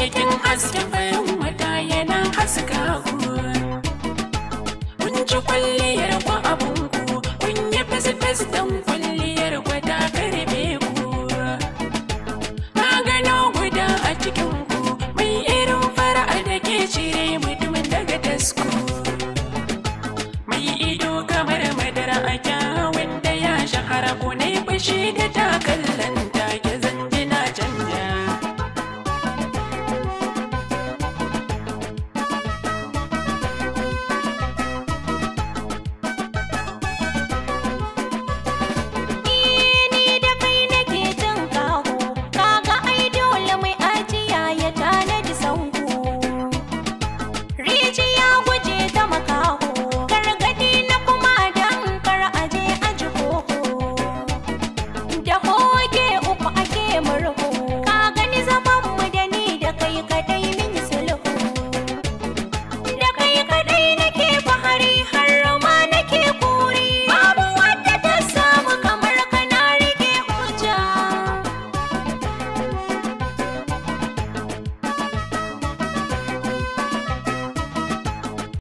cikin hasken bayan wata yana haska ku kun ji kwalliyar ku abun ku kun yi fesifes don kwalliyar ku ta karbe ku na gano guda a cikin ku mai irin fara'a da ke cire mutumin daga tasku. mai ido kamar madara a kyawun da ya shahara ku na yi fushi da ta